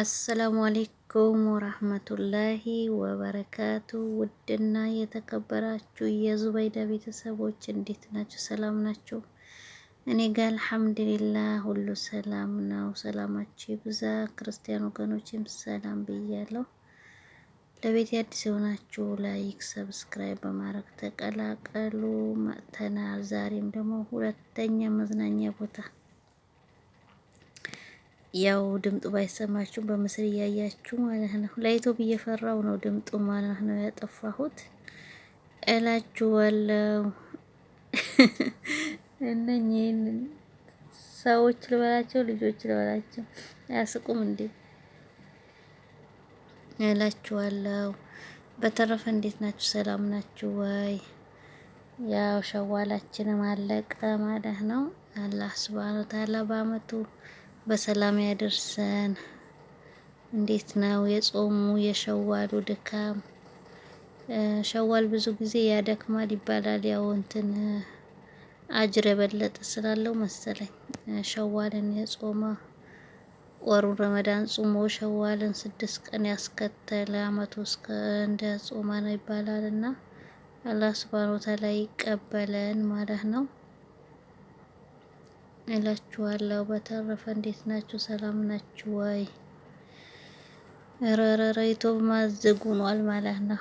አሰላሙ አሌይኩም ወራህመቱላሂ ወበረካቱ። ውድና የተከበራችሁ የዙበይዳ ቤተሰቦች እንዴት ናችሁ? ሰላም ናችሁ? እኔ ጋር አልሐምዱሊላህ ሁሉ ሰላም ነው። ሰላማችሁ ይብዛ። ክርስቲያን ወገኖችም ሰላም ብያለሁ። ለቤት አዲስ የሆናችሁ ላይክ፣ ሰብስክራይብ በማድረግ ተቀላቀሉ። መጥተናል። ዛሬም ደግሞ ሁለተኛ መዝናኛ ቦታ ያው ድምጡ ባይሰማችሁም በምስል እያያችሁ ማለት ነው። ለዩቱብ እየፈራው ነው ድምጡ ማለት ነው ያጠፋሁት እላችኋለሁ። እነኝህን ሰዎች ልበላቸው፣ ልጆች ልበላቸው፣ አያስቁም እንዴ እላችኋለሁ። በተረፈ እንዴት ናችሁ? ሰላም ናችሁ ወይ? ያው ሸዋላችንም አለቀ ማለት ነው። አላህ ሱብሃነሁ ወተዓላ በአመቱ በሰላም ያደርሰን። እንዴት ነው የጾሙ የሸዋሉ ድካም? ሸዋል ብዙ ጊዜ ያደክማል ይባላል። ያው እንትን አጅር የበለጠ ስላለው መሰለኝ ሸዋልን የጾመ ወሩን ረመዳን ጾሞ ሸዋልን ስድስት ቀን ያስከተለ አመቱ እስከ እንደ ጾመ ነው ይባላል እና አላህ ሱብሃነሁ ወተዓላ ይቀበለን ማለት ነው። እላችኋለሁ። በተረፈ እንዴት ናችሁ? ሰላም ናችሁ ወይ? ረረረ ዩቱብ ማዝግ ማለት ነው።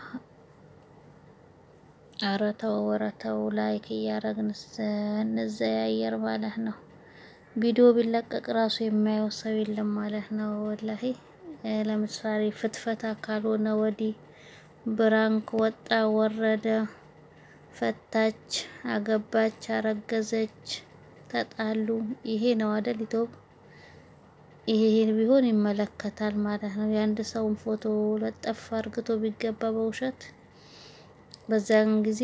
ኧረ ተው ኧረ ተው፣ ላይክ እያረግን እንዘያየር ማለት ነው። ቪዲዮ ቢለቀቅ ራሱ የማየው ሰው የለም ማለት ነው። ወላሂ ለምሳሌ ፍትፈታ ካልሆነ ወዲህ ብራንክ ወጣ ወረደ፣ ፈታች፣ አገባች፣ አረገዘች ተጣሉ። ይሄ ነው አደል ኢትዮፕ ይሄ ቢሆን ይመለከታል ማለት ነው። የአንድ ሰውን ፎቶ ለጠፍ አርግቶ ቢገባ በውሸት በዛን ጊዜ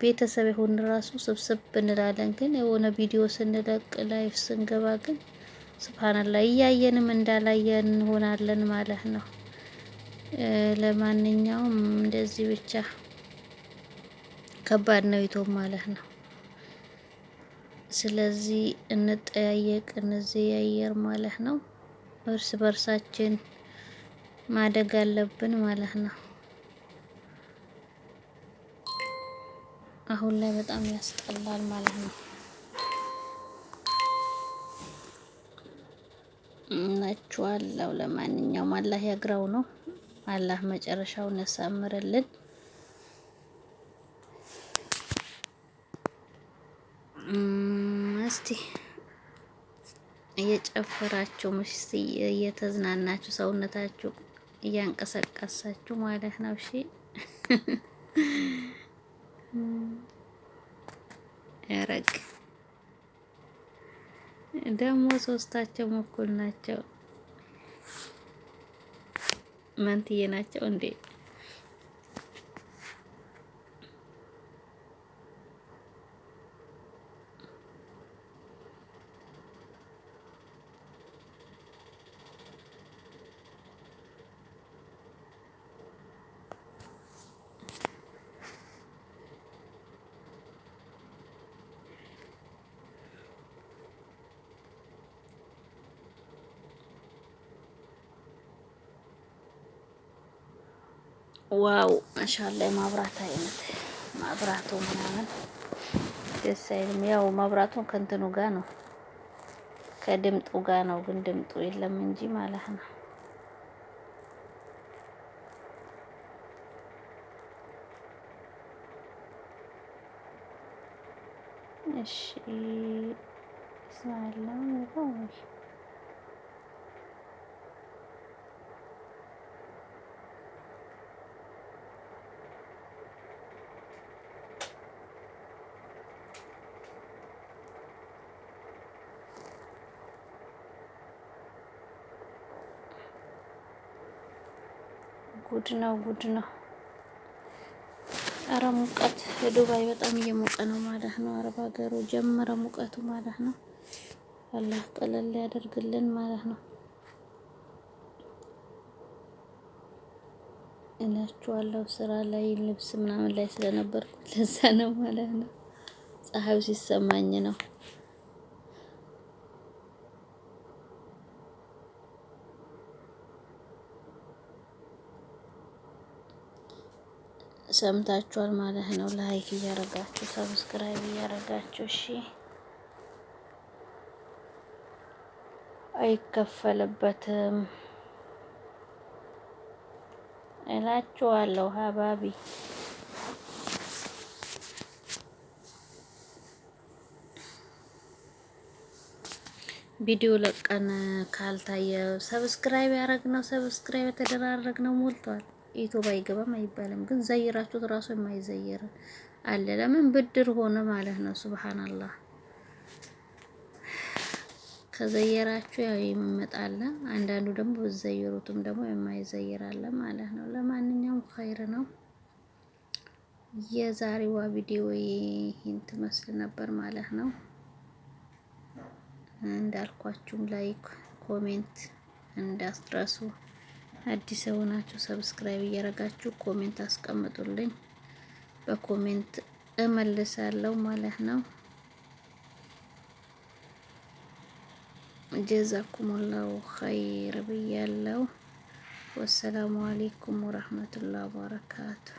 ቤተሰብ የሆን ራሱ ስብስብ እንላለን። ግን የሆነ ቪዲዮ ስንለቅ ላይፍ ስንገባ ግን ስብሃንላ እያየንም እንዳላየን እንሆናለን ማለት ነው። ለማንኛውም እንደዚህ ብቻ ከባድ ነው ይቶም ማለት ነው። ስለዚህ እንጠያየቅ፣ እንዘያየር ማለት ነው። እርስ በርሳችን ማደግ አለብን ማለት ነው። አሁን ላይ በጣም ያስጠላል ማለት ነው። እናችኋለሁ። ለማንኛውም አላህ ያግራው ነው። አላህ መጨረሻውን ያሳምርልን። እስቲ እየጨፈራችሁ ምስ እየተዝናናችሁ ሰውነታችሁ እያንቀሳቀሳችሁ ማለት ነው። እሺ ያረግ ደግሞ ሶስታቸው እኩል ናቸው። መንትዬ ናቸው እንዴ? ዋው ማሻአላ የማብራት አይነት ማብራቱ ምናምን ደስ አይልም። ያው ማብራቱን ከእንትኑ ጋር ነው ከድምጡ ጋር ነው፣ ግን ድምጡ የለም እንጂ ማለት ነው። እሺ እስማኤል ነው ጉድ ነው ጉድ ነው። አረ ሙቀት ዱባይ በጣም እየሞቀ ነው ማለት ነው። አረብ ሀገሩ ጀመረ ሙቀቱ ማለት ነው። አላህ ቀለል ያደርግልን ማለት ነው እላችኋለሁ። ስራ ላይ ልብስ ምናምን ላይ ስለነበርኩ ለዛ ነው ማለት ነው ፀሐዩ ሲሰማኝ ነው። ሰምታችኋል ማለት ነው። ላይክ እያረጋችሁ ሰብስክራይብ እያረጋችሁ እሺ። አይከፈልበትም እላችኋለሁ ሀባቢ ቪዲዮ ለቀን ካልታየ ሰብስክራይብ ያደረግነው ሰብስክራይብ የተደራረግነው ሞልቷል። ኢትዮብ አይገባም አይባልም፣ ግን ዘይራችሁት ራሱ የማይዘይር አለ። ለምን ብድር ሆነ ማለት ነው። ሱብሃንአላህ ከዘየራችሁ ያው የሚመጣለ፣ አንዳንዱ ደግሞ ብዘይሩትም ደግሞ የማይዘይራለ ማለት ነው። ለማንኛውም ኸይር ነው። የዛሬዋ ቪዲዮ ይህን ትመስል ነበር ማለት ነው። እንዳልኳችሁም ላይክ ኮሜንት እንዳትረሱ። አዲስ የሆናችሁ ሰብስክራይብ እያደረጋችሁ ኮሜንት አስቀምጡልኝ፣ በኮሜንት እመልሳለሁ ማለት ነው። ጀዛኩሙላሁ ኸይር ብያለሁ። ወሰላሙ አሌይኩም ወረህመቱላህ ወበረካቱሁ።